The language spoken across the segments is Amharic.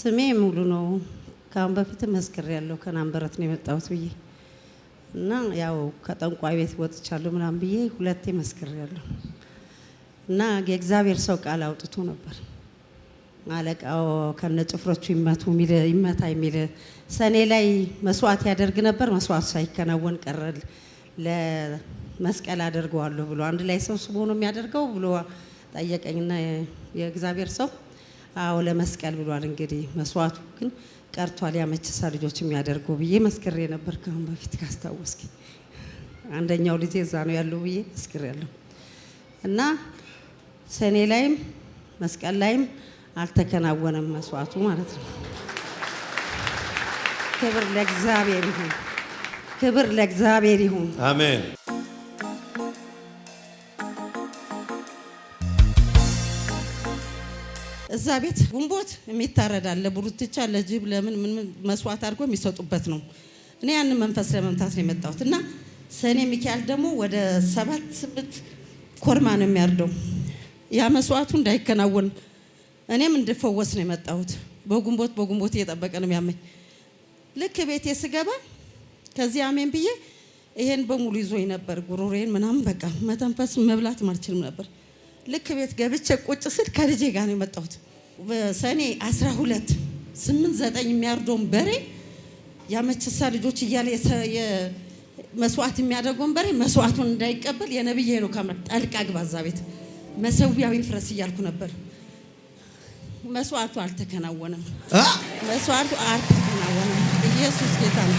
ስሜ ሙሉ ነው። ከአሁን በፊት መስክር ያለው ከናንበረት ነው የመጣሁት ብዬ እና ያው ከጠንቋይ ቤት ወጥቻለሁ ምናምን ብዬ ሁለቴ መስክር ያለው እና የእግዚአብሔር ሰው ቃል አውጥቶ ነበር። አለቃው ከነ ጭፍሮቹ ይመቱ ይመታ የሚል ሰኔ ላይ መስዋዕት ያደርግ ነበር። መስዋዕቱ ሳይከናወን ቀረ። ለመስቀል አደርገዋለሁ ብሎ አንድ ላይ ሰብስቦ ነው የሚያደርገው ብሎ ጠየቀኝና የእግዚአብሔር ሰው አዎ ለመስቀል ብሏል። እንግዲህ መስዋዕቱ ግን ቀርቷል። ያመችሳ ልጆች የሚያደርገው ብዬ መስክሬ ነበር ካሁን በፊት ካስታወስኪ አንደኛው ልጄ እዛ ነው ያለው ብዬ መስክሬ እና ሰኔ ላይም መስቀል ላይም አልተከናወነም መስዋዕቱ ማለት ነው። ክብር ለእግዚአብሔር ይሁን። ክብር ለእግዚአብሔር ይሁን። አሜን። እዛ ቤት ጉንቦት የሚታረዳል ለቡሩትቻ ለጅብ ለምን ምን መስዋዕት አድርጎ የሚሰጡበት ነው። እኔ ያንን መንፈስ ለመምታት ነው የመጣሁት እና ሰኔ ሚካኤል ደግሞ ወደ ሰባት ስምንት ኮርማ ነው የሚያርደው። ያ መስዋዕቱ እንዳይከናወን እኔም እንድፈወስ ነው የመጣሁት። በጉንቦት በጉንቦት እየጠበቀ ነው የሚያመኝ። ልክ ቤቴ ስገባ ከዚህ አሜን ብዬ ይሄን በሙሉ ይዞኝ ነበር። ጉሮሬን ምናምን በቃ መተንፈስ መብላት አልችልም ነበር። ልክ ቤት ገብቼ ቁጭ ስል ከልጄ ጋር ነው የመጣሁት። ሰኔ 12 ስምንት ዘጠኝ የሚያርደውን በሬ ያመችሳ ልጆች እያለ መስዋዕት የሚያደርገውን በሬ መስዋዕቱን እንዳይቀበል የነቢይ ሄኖክ ጣልቃ ግባ እዛ ቤት መሰዊያዊ ፍረስ እያልኩ ነበር። መስዋዕቱ አልተከናወነም። መስዋዕቱ አልተከናወነም። ኢየሱስ ጌታ ነው።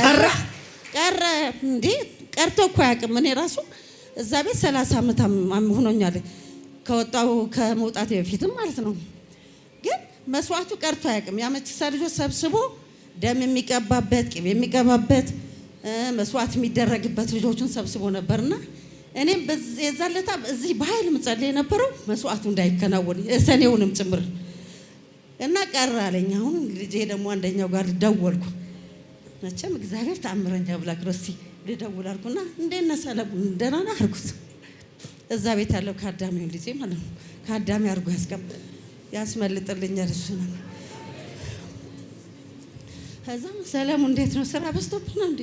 ቀረ ቀረ እንዴ ቀርቶ እኮ አያውቅም። እኔ ራሱ እዛ ቤት ሰላሳ ዓመት ሆኖኛል። ከወጣው ከመውጣት በፊትም ማለት ነው። ግን መስዋዕቱ ቀርቶ አያውቅም። የአመቺሳ ልጆች ሰብስቦ ደም የሚቀባበት ቅቤ የሚቀባበት መስዋዕት የሚደረግበት ልጆቹን ሰብስቦ ነበርና እኔም የዛን ለታ እዚህ በኃይል ምጸል የነበረው መስዋዕቱ እንዳይከናወን ሰኔውንም ጭምር እና ቀር አለኝ። አሁን ልጄ ደግሞ አንደኛው ጋር ደወልኩ። መቼም እግዚአብሔር ተአምረኛ ብላ ክሮሲ ልደውል አልኩና እንዴት ነህ ሰለሞን ደህና ነህ አልኩት። እዛ ቤት ያለው ከአዳሚ ልጄ ማለት ነው። ከአዳሚ አድርጎ ያስቀምጥ ያስመልጥልኛል። እሱ ነው። ከዛም ሰለሙ እንዴት ነው? ስራ በዝቶብህ እንዴ?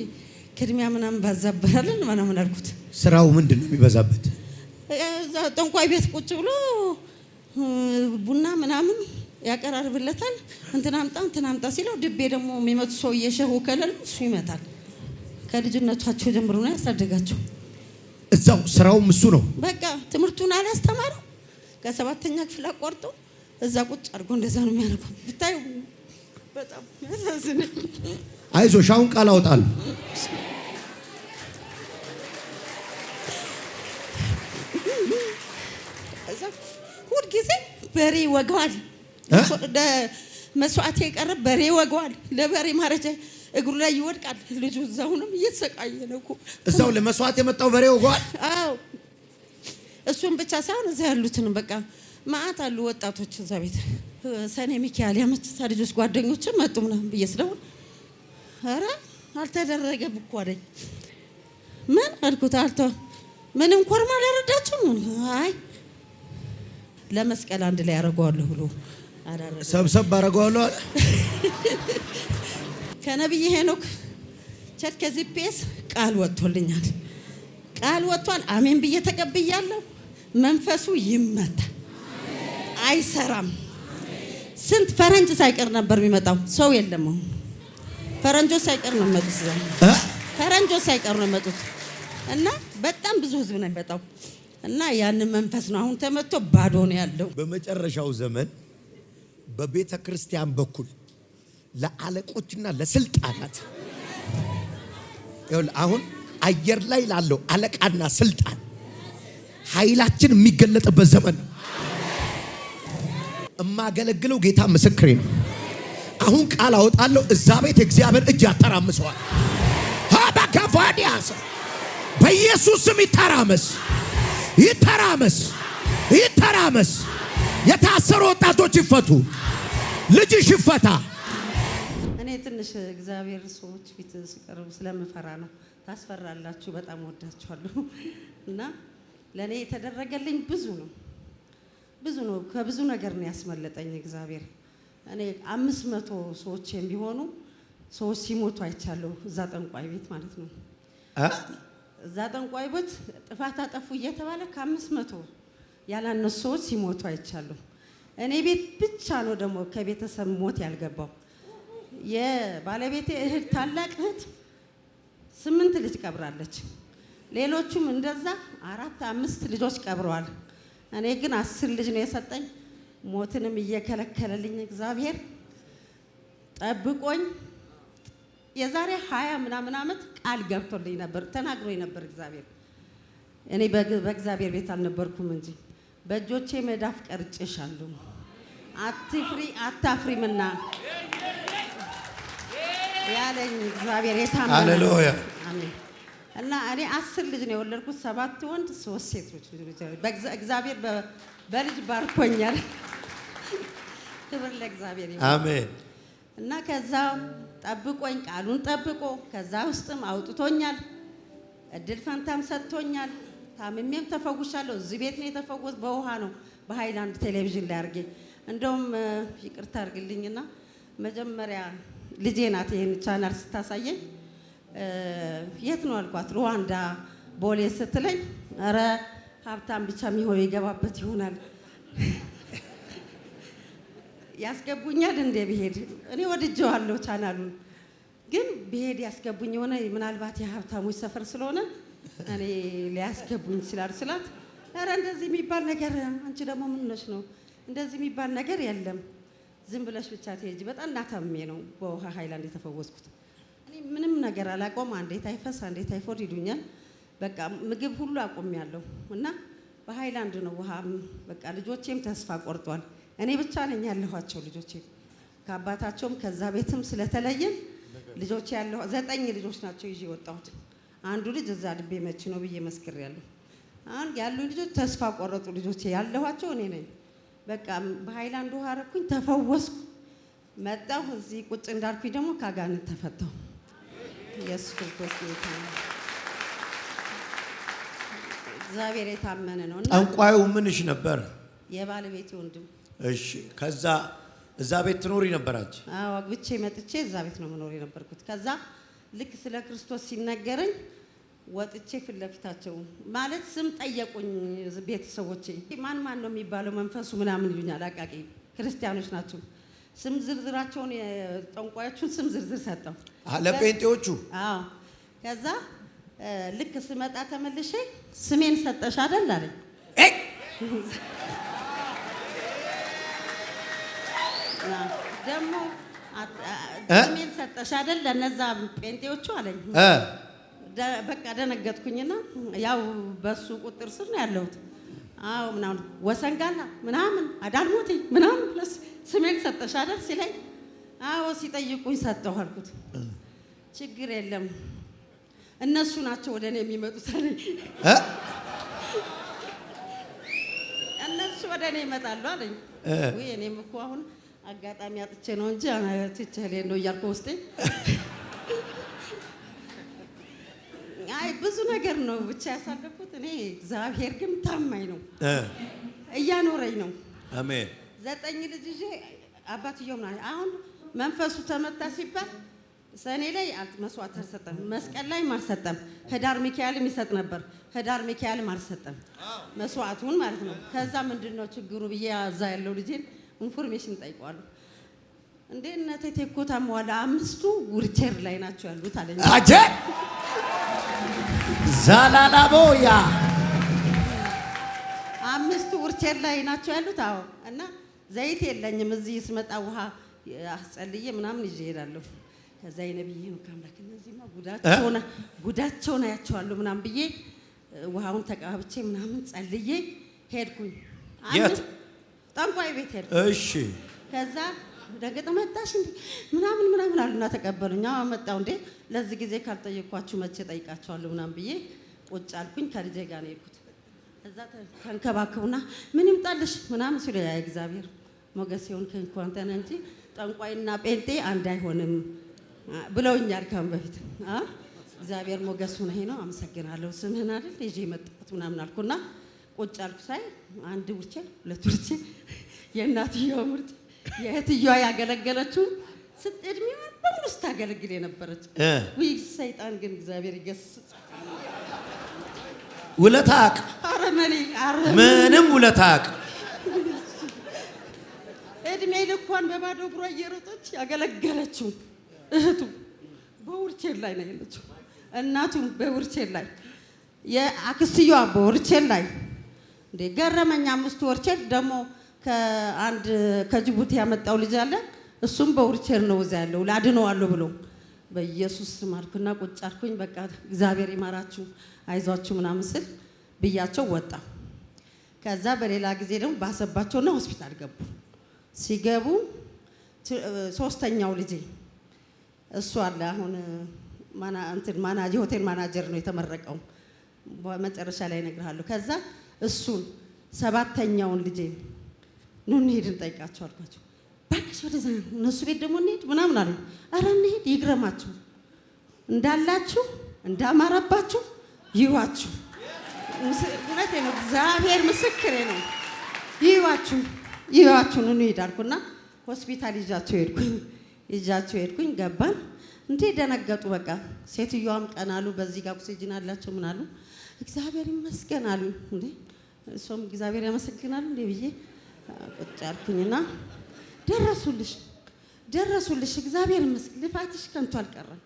ቅድሚያ ምናምን ባዛብሃልን ምናምን አልኩት። ስራው ምንድን ነው የሚበዛበት? ጠንቋይ ቤት ቁጭ ብሎ ቡና ምናምን ያቀራርብለታል። እንትን አምጣ እንትን አምጣ ሲለው ድቤ ደግሞ የሚመቱ ሰው እየሸሁ ከለል እሱ ይመታል። ከልጅነቷቸው ጀምሮ ነው ያሳደጋቸው። እዛው ስራውም እሱ ነው። በቃ ትምህርቱን አላስተማረው ከሰባተኛ ክፍል አቋርጦ እዛ ቁጭ አድርጎ እንደዛ ነው የሚያደርገው። ብታዩ በጣም ያሳዝነ። አይዞሽ አሁን ቃል አወጣለሁ። ሁል ጊዜ በሬ ወገዋል መስዋዕት የቀረብ በሬ ወገዋል ለበሬ ማረጃ እግሩ ላይ ይወድቃል ልጁ። እዛውንም እየተሰቃየ ነው እኮ እዛው ለመስዋዕት የመጣው በሬው ጓል። አዎ እሱን ብቻ ሳይሆን እዛ ያሉትንም በቃ መዓት አሉ ወጣቶች እዛ ቤት ሰኔ ሚካኤል ያመችሳ ልጆች ጓደኞችን መጡ ምናምን ብዬ ስለሆን ኧረ አልተደረገም እኮ አለኝ። ምን አልኩት? አልተ ምንም ኮርማ አላረዳችሁም? አይ ለመስቀል አንድ ላይ አደርገዋለሁ ብሎ ሰብሰብ አደርገዋለሁ አለ። ከነቢይ ሄኖክ ቸት ከዚፒኤስ ቃል ወጥቶልኛል። ቃል ወጥቷል። አሜን ብዬ ተቀብያለሁ። መንፈሱ ይመታ አይሰራም። ስንት ፈረንጅ ሳይቀር ነበር የሚመጣው። ሰው የለም። ፈረንጆች ሳይቀር ነው የሚመጡት። ፈረንጆች ሳይቀር ነው የሚመጡት እና በጣም ብዙ ህዝብ ነው የሚመጣው እና ያንን መንፈስ ነው አሁን ተመቶ ባዶ ነው ያለው። በመጨረሻው ዘመን በቤተ ክርስቲያን በኩል ለአለቆችና ለስልጣናት አሁን አየር ላይ ላለው አለቃና ስልጣን ኃይላችን የሚገለጥበት ዘመን ነው። እማገለግለው ጌታ ምስክሬ ነው። አሁን ቃል አወጣለሁ። እዛ ቤት እግዚአብሔር እጅ ያተራምሰዋል። ሀባካፋዲያስ በኢየሱስ ስም ይተራመስ፣ ይተራመስ፣ ይተራመስ። የታሰሩ ወጣቶች ይፈቱ። ልጅሽ ይፈታ። እኔ ትንሽ እግዚአብሔር ሰዎች ፊት ሲቀርቡ ስለምፈራ ነው። ታስፈራላችሁ። በጣም ወዳችኋለሁ እና ለእኔ የተደረገልኝ ብዙ ነው ብዙ ነው። ከብዙ ነገር ነው ያስመለጠኝ እግዚአብሔር። እኔ አምስት መቶ ሰዎች የሚሆኑ ሰዎች ሲሞቱ አይቻለሁ። እዛ ጠንቋይ ቤት ማለት ነው። እዛ ጠንቋይ ቤት ጥፋት አጠፉ እየተባለ ከአምስት መቶ ያላነሱ ሰዎች ሲሞቱ አይቻለሁ። እኔ ቤት ብቻ ነው ደግሞ ከቤተሰብ ሞት ያልገባው የባለቤቴ እህት ታላቅ እህት ስምንት ልጅ ቀብራለች። ሌሎቹም እንደዛ አራት አምስት ልጆች ቀብረዋል። እኔ ግን አስር ልጅ ነው የሰጠኝ። ሞትንም እየከለከለልኝ እግዚአብሔር ጠብቆኝ የዛሬ ሀያ ምናምን ዓመት ቃል ገብቶልኝ ነበር፣ ተናግሮኝ ነበር እግዚአብሔር። እኔ በእግዚአብሔር ቤት አልነበርኩም እንጂ በእጆቼ መዳፍ ቀርጬሻለሁ፣ አትፍሪ አታፍሪምና ያለኝ እግዚአብሔር የታመነ እና እኔ አስር ልጅ ነው የወለድኩት፣ ሰባት ወንድ ሶስት ሴቶች። እግዚአብሔር በልጅ ባርኮኛል። ክብር ለእግዚአብሔር ይሁን። አሜን። እና ከዛ ጠብቆኝ ቃሉን ጠብቆ ከዛ ውስጥም አውጥቶኛል፣ እድል ፈንታም ሰጥቶኛል። ታምሜም ተፈውሻለሁ። እዚህ ቤት ነው የተፈወስ በውሃ ነው በሀይላንድ ቴሌቪዥን ላይ አድርጌ እንደውም ይቅርታ አድርግልኝና መጀመሪያ ልጄ ናት ይህን ቻናል ስታሳየኝ የት ነው አልኳት። ሩዋንዳ ቦሌ ስትለኝ ኧረ ሀብታም ብቻ የሚሆን የገባበት ይሆናል ያስገቡኛል እንደ ብሄድ እኔ ወድጀዋለሁ ቻናሉን ግን ብሄድ ያስገቡኝ የሆነ ምናልባት የሀብታሞች ሰፈር ስለሆነ እኔ ሊያስገቡኝ ይችላል ስላት ኧረ እንደዚህ የሚባል ነገር አንቺ ደግሞ ምንነች ነው እንደዚህ የሚባል ነገር የለም ዝም ብለሽ ብቻ ትሄጂ። በጣም እናታሜ ነው በውሃ ሀይላንድ የተፈወስኩት። እኔ ምንም ነገር አላቆም። አንዴ ታይፈስ፣ አንዴ ታይፎድ ይዱኛል። በቃ ምግብ ሁሉ ያለው እና በሀይላንድ ነው ውሃ። በቃ ልጆቼም ተስፋ ቆርጧል። እኔ ብቻ ነኝ ያለኋቸው ልጆቼ ከአባታቸውም ከዛ ቤትም ስለተለየን ልጆች ያለ ዘጠኝ ልጆች ናቸው ይዤ የወጣሁት። አንዱ ልጅ እዛ ልቤ መች ነው ብዬ መስክሬያለሁ። አሁን ያሉ ልጆች ተስፋ ቆረጡ። ልጆቼ ያለኋቸው እኔ ነኝ። በቃ በሀይላንድ ውሃ ረኩኝ፣ ተፈወስኩ። መጣሁ እዚህ ቁጭ እንዳልኩኝ ደግሞ ከአጋንንት ተፈታሁ። ኢየሱስ ክርስቶስ ጌታ ነው። እግዚአብሔር የታመነ ነው። ጠንቋዩ ምንሽ ነበር? የባለቤት ወንድም። እሺ። ከዛ እዛ ቤት ትኖሪ ነበራች? አዎ፣ አግብቼ መጥቼ እዛ ቤት ነው መኖር የነበርኩት። ከዛ ልክ ስለ ክርስቶስ ሲነገረኝ ወጥቼ ፊት ለፊታቸው ማለት ስም ጠየቁኝ። ቤተሰቦቼ ማን ማን ነው የሚባለው መንፈሱ ምናምን ይሉኛል። አቃቂ ክርስቲያኖች ናቸው። ስም ዝርዝራቸውን ጠንቋዮቹን ስም ዝርዝር ሰጠው ለጴንጤዎቹ። ከዛ ልክ ስመጣ ተመልሼ ስሜን ሰጠሽ አደል አለኝ። ደግሞ ስሜን ሰጠሽ አደል ለነዛ ጴንጤዎቹ አለኝ። በቃ ደነገጥኩኝና ያው በሱ ቁጥር ስር ነው ያለሁት። አዎ ምናምን ወሰንጋላ ምናምን አዳልሞቲ ምናምን ፕለስ ስሜን ሰጠሽ አይደል ሲለኝ፣ አዎ ሲጠይቁኝ ሰጠሁ አልኩት። ችግር የለም እነሱ ናቸው ወደ እኔ የሚመጡት አለኝ። እነሱ ወደ እኔ ይመጣሉ አለኝ። እኔም እኮ አሁን አጋጣሚ አጥቼ ነው እንጂ ትቼ ሌ ነው እያልኩ ውስጤ ብዙ ነገር ነው ብቻ ያሳለፉት። እኔ እግዚአብሔር ግን ታማኝ ነው፣ እያኖረኝ ነው። አሜን። ዘጠኝ ልጅ ይዤ አባትየው አሁን መንፈሱ ተመታ ሲባል ሰኔ ላይ መስዋዕት አልሰጠም፣ መስቀል ላይም አልሰጠም፣ ህዳር ሚካኤልም ይሰጥ ነበር። ህዳር ሚካኤልም አልሰጠም መስዋዕቱን ማለት ነው። ከዛ ምንድን ነው ችግሩ ብዬ እዛ ያለው ልጄን ኢንፎርሜሽን ጠይቋሉ። እንዴ እናቴ ቴኮታም ታመዋል፣ አምስቱ ውርቸር ላይ ናቸው ያሉት አለኝ። ዛላላቦያ አምስቱ ውርቼን ላይ ናቸው ያሉት። አዎ እና ዘይት የለኝም እዚህ ስመጣ ውሃ አስጸልዬ ምናምን ይዤ እሄዳለሁ። ከዛ የነብይ አምላክ እነዚህማ ጉዳቸውን አያቸዋለሁ ምናምን ብዬ ውሃውን ተቀባብቼ ምናምን ጸልዬ ሄድኩኝ። ጠንቋይ ቤት ሄድኩ። እሺ ከዛ ረገጥ መጣሽ እንዴ ምናምን ምናምን አሉና ተቀበሉኝ። እንዴ ለዚህ ጊዜ ካልጠየኳችሁ መቼ ጠይቃቸዋለሁ ምናምን ብዬ ቁጭ አልኩኝ። ከልጄ ጋር ነው የሄድኩት። እዛ ተንከባከቡና ምን ይምጣልሽ ምናምን ሲሉ ያ እግዚአብሔር ሞገስ ሲሆን ከንኳንተን እንጂ ጠንቋይና ጴንጤ አንድ አይሆንም ብለውኛል። ከም በፊት እግዚአብሔር ነው። አመሰግናለሁ ስምህን አይደል ይዤ የመጣሁት ምናምን አልኩና ቁጭ አልኩ። ሳይ አንድ ውርቼ ሁለት ውርቼ የእናትየው ውርቼ የእህትዮዋ ያገለገለችው እድሜዋ በሙሉ ስታገለግል የነበረች ውይ፣ ሰይጣን ግን እግዚአብሔር ይገስጽ። ውለታ ምንም ውለታ እድሜ ልኳን በባዶ እግሯ እየሮጠች ያገለገለችው እህቱ በውርቼር ላይ ነው ያለችው። እናቱም በውርቼር ላይ የአክስትዮዋ በውርቼር ላይ እንደ ገረመኛ አምስቱ ወርቼር ደግሞ ከአንድ ከጅቡቲ ያመጣው ልጅ አለ። እሱም በውርቸር ነው እዚያ ያለው ላድነዋለሁ ብሎ በኢየሱስ ስም አልኩና ቁጭ አልኩኝ። በቃ እግዚአብሔር ይማራችሁ አይዟችሁ ምናምን ስል ብያቸው ወጣ። ከዛ በሌላ ጊዜ ደግሞ ባሰባቸውና ሆስፒታል ገቡ። ሲገቡ ሶስተኛው ልጄ እሱ አለ አሁን የሆቴል ማናጀር ነው የተመረቀው። መጨረሻ ላይ እነግርሃለሁ። ከዛ እሱን ሰባተኛውን ልጄ ኑ እንሄድ እንጠይቃቸው አልኳቸው። ባሽ ወደዛ እነሱ ቤት ደግሞ እንሄድ ምናምን አለ። ኧረ እንሄድ ይግረማችሁ፣ እንዳላችሁ እንዳማረባችሁ ይዋችሁ። እውነቴ ነው፣ እግዚአብሔር ምስክሬ ነው። ይዋችሁ ይዋችሁ፣ ኑ እንሄድ አልኩና ሆስፒታል ይዣቸው ሄድኩኝ። ይዣቸው ሄድኩኝ፣ ገባን። እንዴ ደነገጡ። በቃ ሴትዮዋም ቀና አሉ። በዚህ ጋር ኦክሲጅን አላቸው ምን እግዚአብሔር ይመስገን አሉ። እንዴ እሱም እግዚአብሔር ያመሰግናሉ እንዴ ብዬ ቁጭ ያልኩኝና ደረሱልሽ ደረሱልሽ እግዚአብሔር ይመስገን፣ ልፋትሽ ከንቱ አልቀረም።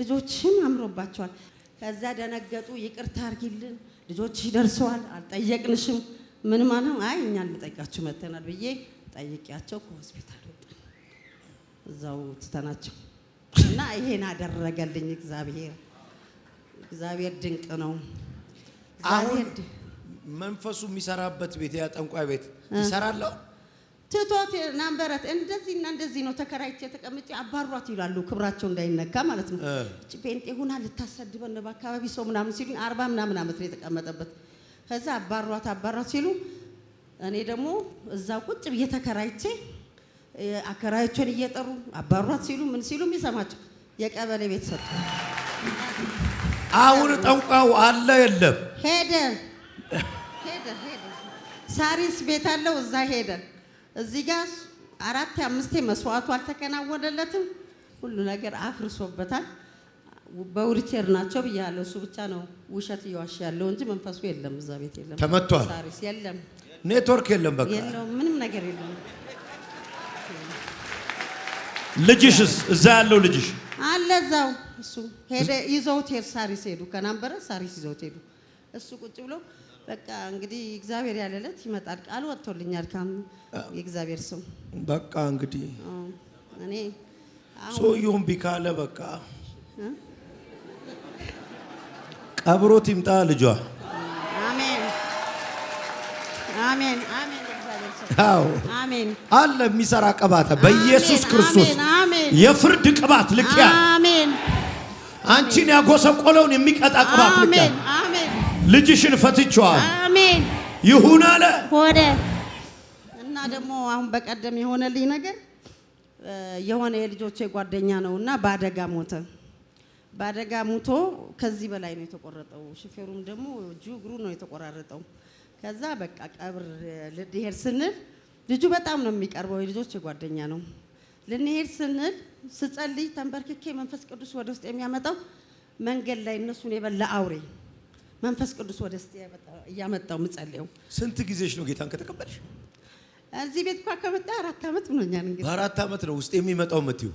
ልጆችሽም አምሮባቸዋል። ከዛ ደነገጡ። ይቅርታ አድርጊልን ልጆችሽ ደርሰዋል፣ አልጠየቅንሽም። ምን ማለት አይ እኛ ልንጠይቃችሁ መተናል ብዬ ጠይቂያቸው ከሆስፒታል ወጣን። እዛው ትተናቸው እና ይሄን አደረገልኝ እግዚአብሔር። እግዚአብሔር ድንቅ ነው። አሁን መንፈሱ የሚሰራበት ቤት ያ ጠንቋይ ቤት ይሰራለሁ ትቶት ናንበረት እንደዚህና እንደዚህ ነው ተከራይቼ ተቀምጬ አባሯት ይላሉ። ክብራቸው እንዳይነካ ማለት ነው። ጴንጤ ሁና ልታሰድበን በአካባቢ ሰው ምናምን ሲሉኝ አርባ ምናምን ዓመት ነው የተቀመጠበት። ከዛ አባሯት አባሯት ሲሉ እኔ ደግሞ እዛው ቁጭ ብዬ ተከራይቼ አከራዮችን እየጠሩ አባሯት ሲሉ ምን ሲሉ የሚሰማቸው የቀበሌ ቤት ሰጡ። አሁን ጠንቋው አለ የለም ሄደ ሄደ ሄደ ሳሪስ ቤት አለው እዛ ሄደ። እዚህ ጋር አራት አምስቴ መስዋዕቱ አልተከናወነለትም። ሁሉ ነገር አፍርሶበታል። በውልቼር ናቸው ብያለሁ። እሱ ብቻ ነው ውሸት እየዋሸ ያለው እንጂ መንፈሱ የለም፣ እዛ ቤት የለም፣ ተመቷል። ሳሪስ የለም፣ ኔትወርክ የለም፣ በቃ የለውም፣ ምንም ነገር የለም። ልጅሽስ እዛ ያለው ልጅሽ አለ እዛው እሱ ሄደ። ይዘውት ሄድ ሳሪስ ሄዱ፣ ከናንበረ ሳሪስ ይዘውት ሄዱ። እሱ ቁጭ ብሎ በቃ እንግዲህ እግዚአብሔር ያለለት ይመጣል። ቃል ወጥቶልኛል። ካም የእግዚአብሔር ስም በቃ እንግዲህ እኔ ሰውየውን ቢካለ በቃ ቀብሮት ይምጣ ልጇ። አሜን አሜን አሜን። አለ የሚሰራ ቅባት በኢየሱስ ክርስቶስ የፍርድ ቅባት ልክ ያ አንቺን ያጎሰቆለውን የሚቀጣ ቅባት ልክ ልጅሽን ፈትቼዋል። አሜን ይሁን አለ ሆነ። እና ደግሞ አሁን በቀደም የሆነልኝ ነገር የሆነ የልጆቼ ጓደኛ ነው እና በአደጋ ሞተ። በአደጋ ሙቶ ከዚህ በላይ ነው የተቆረጠው። ሹፌሩም ደግሞ እጁ እግሩ ነው የተቆራረጠው። ከዛ በቃ ቀብር ልንሄድ ስንል ልጁ በጣም ነው የሚቀርበው፣ የልጆች ጓደኛ ነው። ልንሄድ ስንል ስጸልይ ተንበርክኬ መንፈስ ቅዱስ ወደ ውስጥ የሚያመጣው መንገድ ላይ እነሱን የበላ አውሬ መንፈስ ቅዱስ ወደ እስቲ እያመጣው ምጸልየው። ስንት ጊዜሽ ነው ጌታን ከተቀበልሽ? እዚህ ቤት እንኳን ከመጣ አራት ዓመት ብሎኛል። እንግዲህ በአራት ዓመት ነው ውስጥ የሚመጣው የምትይው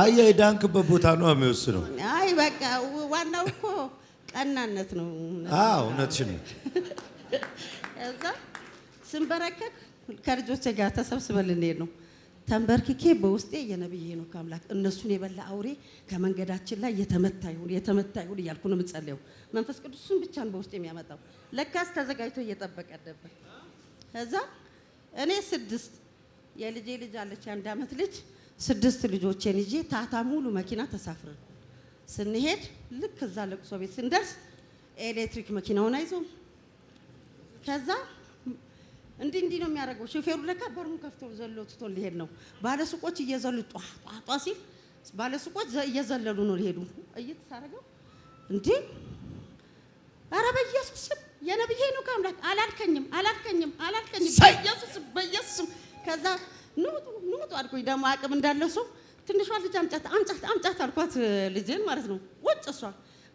አየ የዳንክበት ቦታ ነው የሚወስነው። አይ በቃ ዋናው እኮ ቀናነት ነው። አዎ እውነትሽ ነው። እዛ ስንበረከክ ከልጆቼ ጋር ተሰብስበን ልንሄድ ነው ተንበርክኬ በውስጤ የነብዬ ነው አምላክ እነሱን የበላ አውሬ ከመንገዳችን ላይ የተመታ ይሁን የተመታ ይሁን እያልኩ ነው የምጸልየው። መንፈስ ቅዱስን ብቻን በውስጤ የሚያመጣው ለካስ ተዘጋጅቶ እየጠበቀ ነበር። ከዛ እኔ ስድስት የልጄ ልጅ አለች፣ የአንድ አመት ልጅ ስድስት ልጆቼን ይዤ ታታ ሙሉ መኪና ተሳፍረን ስንሄድ ልክ እዛ ለቅሶ ቤት ስንደርስ ኤሌክትሪክ መኪናውን አይዞም ከዛ እንዲህ እንዲህ ነው የሚያደርገው። ሾፌሩ ለካ በሩን ከፍቶ ዘሎ ትቶ ሊሄድ ነው። ባለሱቆች እየዘሉ ጧ ጧ ሲል ባለሱቆች እየዘለሉ ነው ሊሄዱ እይት ሳረገው እንዴ አረ በኢየሱስ የነብዬ ነው ከአምላክ አላልከኝም አላልከኝም አላልከኝም በኢየሱስ በኢየሱስ ከዛ ንውጡ ንውጡ አልኩኝ። ደግሞ አቅም እንዳለው ሰው ትንሿ ልጅ አምጫት አምጫት አምጫት አልኳት ልጄን ማለት ነው ውጭ እሷ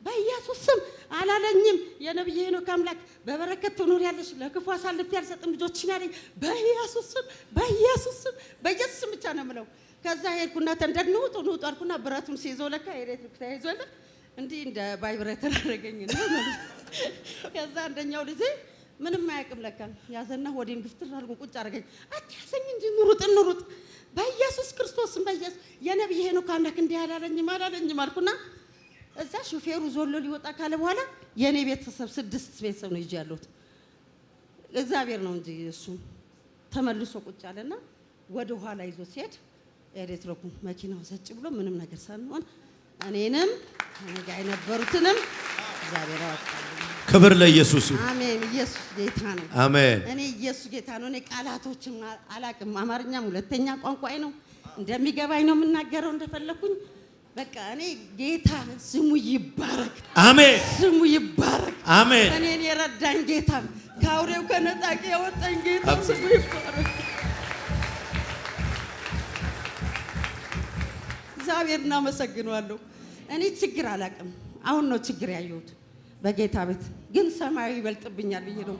በኢየሱስ ስም አላለኝም። የነብይ ሄኖክ አምላክ በበረከት ትኖር ያለሽ ለክፉ አሳልፍ ያልሰጥም ልጆችን ያለኝ በኢየሱስ ስም፣ በኢየሱስ ስም፣ በኢየሱስ ስም ብቻ ነው ምለው። ከዛ ሄድኩና ተንደድ ንውጡ ንውጡ አልኩና ብረቱን ሲይዘው ለካ ኤሌክትሪክ ተያይዞ የለ እንዲህ እንደ ቫይብሬተር አደረገኝ። ከዛ አንደኛው ልጄ ምንም አያውቅም ለካ ያዘና ወዴን ግፍት አድርጎ ቁጭ አደረገኝ። አትያዘኝ እንጂ ንሩጥ እንሩጥ በኢየሱስ ክርስቶስም በኢየሱስ የነብይ ሄኖክ አምላክ እንዲህ አላለኝም አላለኝም አልኩና እዛ ሹፌሩ ዞሎ ሊወጣ ካለ በኋላ የእኔ ቤተሰብ ስድስት ቤተሰብ ነው ይዤ ያለሁት። እግዚአብሔር ነው እንጂ እሱ ተመልሶ ቁጭ አለና ወደ ኋላ ይዞ ሲሄድ ኤሌትሮኩ መኪናው ዘጭ ብሎ ምንም ነገር ሳንሆን እኔንም ጋ የነበሩትንም እግዚአብሔር አወጣልኝ። ክብር ለኢየሱስ ይሁን። አሜን። ኢየሱስ ጌታ ነው። አሜን። እኔ ኢየሱስ ጌታ ነው። እኔ ቃላቶችም አላቅም። አማርኛም ሁለተኛ ቋንቋይ ነው። እንደሚገባኝ ነው የምናገረው እንደፈለኩኝ በቃ እኔ ጌታ ስሙ ይባረክ፣ አሜን። ስሙ ይባረክ፣ አሜን። እኔን የረዳኝ ጌታ ከአውሬው ከነጣቂ ያወጣኝ ጌታ ስሙ ይባረክ። እግዚአብሔር እናመሰግነዋለሁ። እኔ ችግር አላውቅም። አሁን ነው ችግር ያየሁት በጌታ ቤት ግን ሰማያዊ ይበልጥብኛል ብዬ ነው።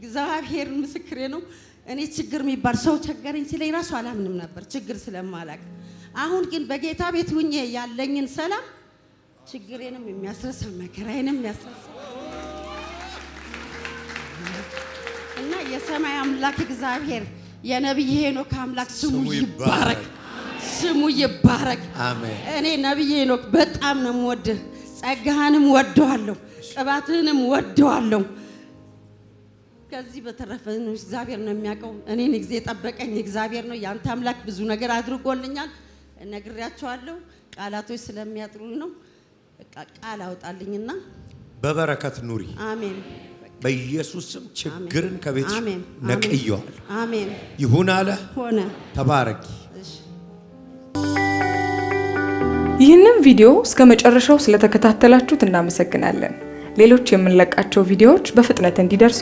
እግዚአብሔር ምስክሬ ነው። እኔ ችግር የሚባል ሰው ቸገረኝ ሲለኝ ራሱ አላምንም ነበር ችግር ስለማላውቅ አሁን ግን በጌታ ቤት ሁኜ ያለኝን ሰላም ችግሬንም የሚያስረሳ መከራዬንም የሚያስረሳ እና የሰማይ አምላክ እግዚአብሔር የነቢይ ሄኖክ አምላክ ስሙ ይባረክ፣ ስሙ ይባረክ። እኔ ነቢይ ሄኖክ በጣም ነው የምወድህ። ጸጋህንም ወደዋለሁ፣ ቅባትህንም ወደዋለሁ። ከዚህ በተረፈ እግዚአብሔር ነው የሚያውቀው። እኔን ጊዜ የጠበቀኝ እግዚአብሔር ነው። የአንተ አምላክ ብዙ ነገር አድርጎልኛል። ነግሬያቸዋለሁ። ቃላቶች ስለሚያጥሩን ነው። ቃል አውጣልኝና በበረከት ኑሪ። አሜን። በኢየሱስም ችግርን ከቤት ነቅየዋል። አሜን። ይሁን አለ ሆነ። ተባረኪ። ይህንም ቪዲዮ እስከ መጨረሻው ስለተከታተላችሁት እናመሰግናለን። ሌሎች የምንለቃቸው ቪዲዮዎች በፍጥነት እንዲደርሱ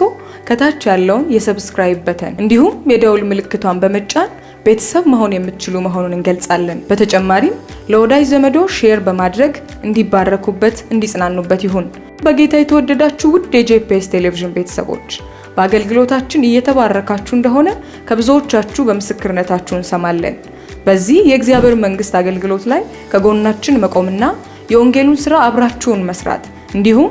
ከታች ያለውን የሰብስክራይብ በተን እንዲሁም የደውል ምልክቷን በመጫን ቤተሰብ መሆን የምትችሉ መሆኑን እንገልጻለን። በተጨማሪም ለወዳጅ ዘመዶ ሼር በማድረግ እንዲባረኩበት፣ እንዲጽናኑበት ይሁን። በጌታ የተወደዳችሁ ውድ የጄፒኤስ ቴሌቪዥን ቤተሰቦች በአገልግሎታችን እየተባረካችሁ እንደሆነ ከብዙዎቻችሁ በምስክርነታችሁ እንሰማለን። በዚህ የእግዚአብሔር መንግስት አገልግሎት ላይ ከጎናችን መቆምና የወንጌሉን ስራ አብራችሁን መስራት እንዲሁም